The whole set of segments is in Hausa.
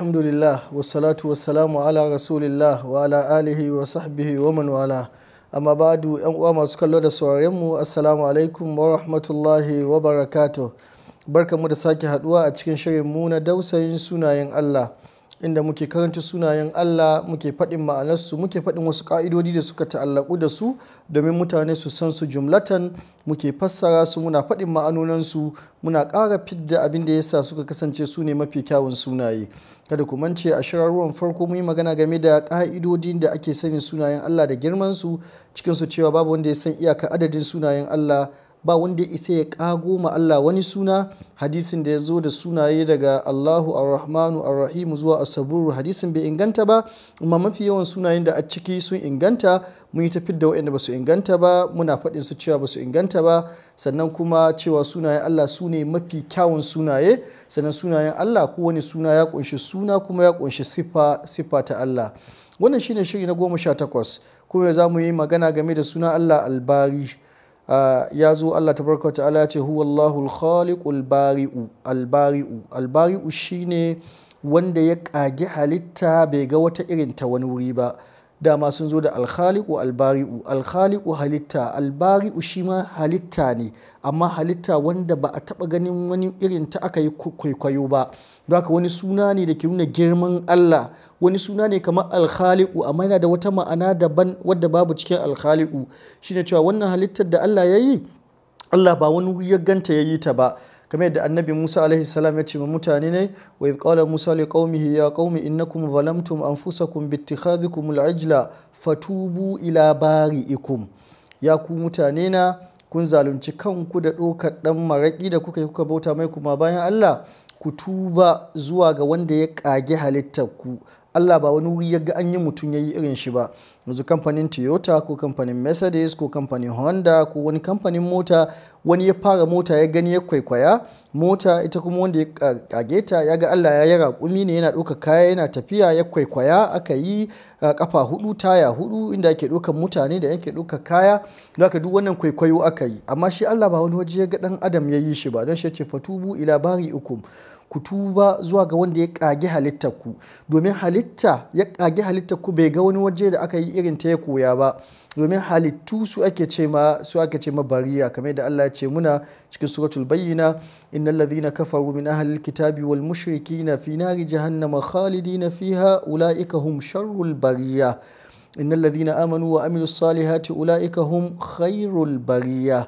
alhamdulillah wasalatu wasalamu ala rasulillah wa ala alihi wa sahbihi wa man wala amma badu yan uwa masu kallo da sauraren mu assalamu alaikum wa rahmatullahi wa barakato barkamu da sake haduwa a cikin shirin mu na dausayin sunayen Allah inda muke karanta sunayen Allah muke faɗin ma'anarsu muke faɗin wasu ƙa'idodi da suka ta'allaku da su domin mutane su san su jumlatan muke fassara su muna faɗin ma'anonansu muna ƙara fidda abin da yasa suka kasance su ne mafi kyawun sunaye kada ku mance a ruwan farko muyi magana game da ƙa'idodin da ake sanin sunayen Allah da girman su cikin su cewa babu wanda ya san iyaka adadin sunayen Allah ba wanda isa ya kago ma Allah wani suna hadisin da ya zo da sunaye daga Allahu Ar-Rahmanu Ar-Rahim zuwa As-Sabur hadisin bai inganta ba amma mafi yawan sunayen da a ciki sun inganta mun yi tafi da waɗanda ba su inganta ba muna faɗin su cewa ba su inganta ba sannan kuma cewa sunayen Allah su ne mafi kyawun sunaye sannan sunayen Allah ko wani suna ya kunshi suna kuma ya kunshi sifa sifa ta Allah wannan shine shiri na goma sha takwas kuma za mu yi magana game da suna Allah albari Ah, ya zo Allah ta barka ta'ala ya ce huwa Allahul khaliqul bari'u albari'u albari'u shine wanda ya kage halitta bai ga wata irin ta wani wuri ba dama sun zo da alkhaliku albari'u alkhaliku halitta albari'u shi ma halitta ne amma halitta wanda ba a taba ganin wani irin ta aka yi kwaikwayo ba haka wani suna ne da ke nuna girman Allah wani suna ne kamar alkhaliku amma yana da wata ma'ana daban wadda babu cikin alkhaliku shine cewa wannan halittar da Allah ya yi Allah ba wani ya ganta ya yi ta ba kamar yadda annabi Musa alaihi salam ya ce ma mutane ne wa idh qala Musa li qaumihi ya qaumi innakum zalamtum anfusakum bi ittikhadhikum al fatubu ila bari'ikum ya ku mutane na kun zalunci kanku da ɗaukar ɗan maraƙi da kuka yi kuka bauta mai kuma bayan Allah ku tuba zuwa ga wanda ya ƙage halittar ku Allah ba wani wuri ya ga an yi mutum ya yi irin shi ba yanzu kamfanin toyota ko kamfanin mercedes ko kamfanin honda ko wani kamfanin mota wani ya fara mota ya gani ya kwaikwaya mota ita kuma wanda ya kage ta ya ga allah ya yi raƙumi ne yana ɗauka kaya yana tafiya ya kwaikwaya aka yi kafa hudu taya hudu inda ake ɗaukar mutane da yake ɗaukar kaya da aka duk wannan kwaikwayo aka yi amma shi allah ba wani waje ya ga ɗan adam ya yi shi ba don shi ce fatubu ila bari ukum ku tuba zuwa ga wanda ya kage halittar ku domin halittar halitta ya kage halitta ku bai ga wani waje da aka yi irin ta ya koya ba domin halittu su ake ce ma su ake ce ma bariya kamar da Allah ya ce muna cikin suratul bayyina innal ladhina kafaru min ahlil kitabi wal mushrikina fi nari jahannama khalidina fiha ulaika hum sharrul bariya innal ladhina amanu wa amilus salihati ulaika hum khairul bariya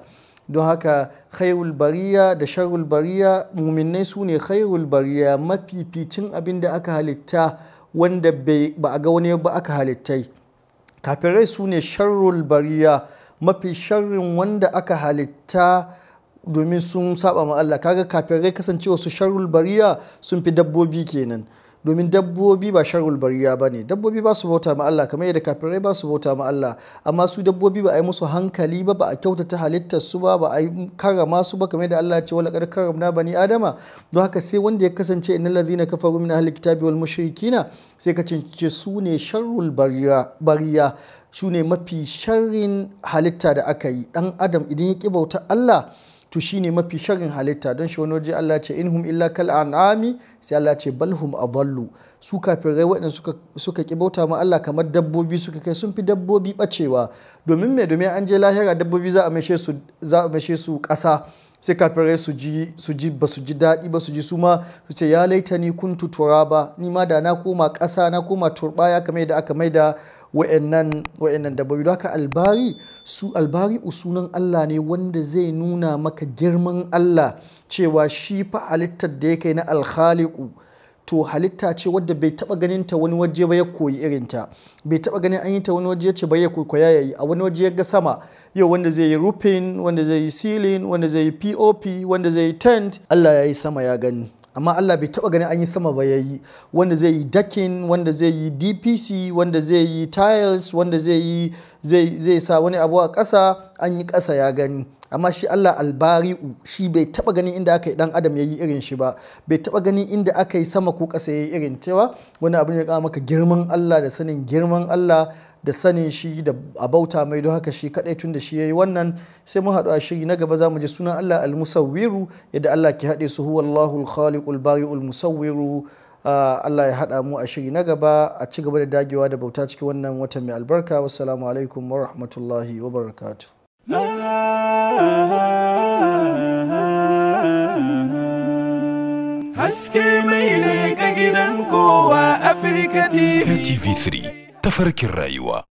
don haka khairul bariya da sharul bariya muminai su ne khairul bariya mafificin abin da aka halitta wanda ba a ga wani ba aka halittai kafirai su ne sharul bariya mafi sharrin wanda aka halitta domin sun saba ma Allah kaga kafirai kasancewa su sharul bariya sun fi dabbobi kenan domin dabbobi ba sharul bariya ba ne dabbobi ba su bauta ma Allah kamar yadda kafirai ba su bauta ma Allah amma su dabbobi ba a yi musu hankali ba ba a kyautata halittar su ba ba a yi karama su ba kamar yadda Allah ya ce wala kad karamna bani adama don haka sai wanda ya kasance innal ladzina kafaru min ahli kitabi wal mushrikina sai ka cince su ne sharul bariya su ne mafi sharrin halitta da aka yi dan adam idan ya ki bauta Allah to shine mafi sharin halitta don shi wani waje Allah ce inhum illa kal an'ami sai Allah ce balhum adallu su rai waɗanda suka suka ki bauta ma Allah kamar dabbobi suka kai sun fi dabbobi bacewa domin me domin an je lahira dabbobi za a mashe su su ƙasa sai kafirai su ji su ji ba su ji daɗi ba su ji su ma su ce ya laita ni kuntu turaba ni ma da na koma ƙasa na koma turbaya kamar yadda aka maida wa'annan wa'annan dabbobi don haka albari su albari'u sunan Allah ne wanda zai nuna maka girman Allah cewa shi fa halittar da ya kai na alkhaliku to halitta ce wadda bai taba ganin ta wani waje ba ya koyi irin ta bai taba ganin an yi ta wani waje ce ba ya koya yayi a wani waje ya ga sama yau wanda zai yi roofing wanda zai yi ceiling wanda zai yi pop wanda zai yi tent Allah ya yi sama ya gani amma Allah bai taba ganin an yi sama ba yayi wanda zai yi dakin wanda zai yi DPC wanda zai yi tiles wanda zai yi zai sa wani abu a ƙasa an yi ƙasa ya gani amma shi Allah albari'u shi bai taba gani inda aka yi dan adam yayi irin shi ba bai taba gani inda aka yi sama ko ƙasa yayi irin ta ba wani abin ya maka girman Allah da sanin girman Allah da sanin shi da abauta mai don haka shi kadai tun da shi yayi wannan sai mun haɗu a shiri na gaba zamu je sunan Allah al-musawwiru yadda Allah ke haɗe su huwallahu al-khaliqul bari'ul musawwiru ah, Allah ya haɗa mu a shiri na gaba a ci gaba da dagewa da bauta cikin wannan watan mai albarka wassalamu alaikum wa rahmatullahi wa barakatuh haske mai ne ga gidan kowa afirka tv3 tafarkin rayuwa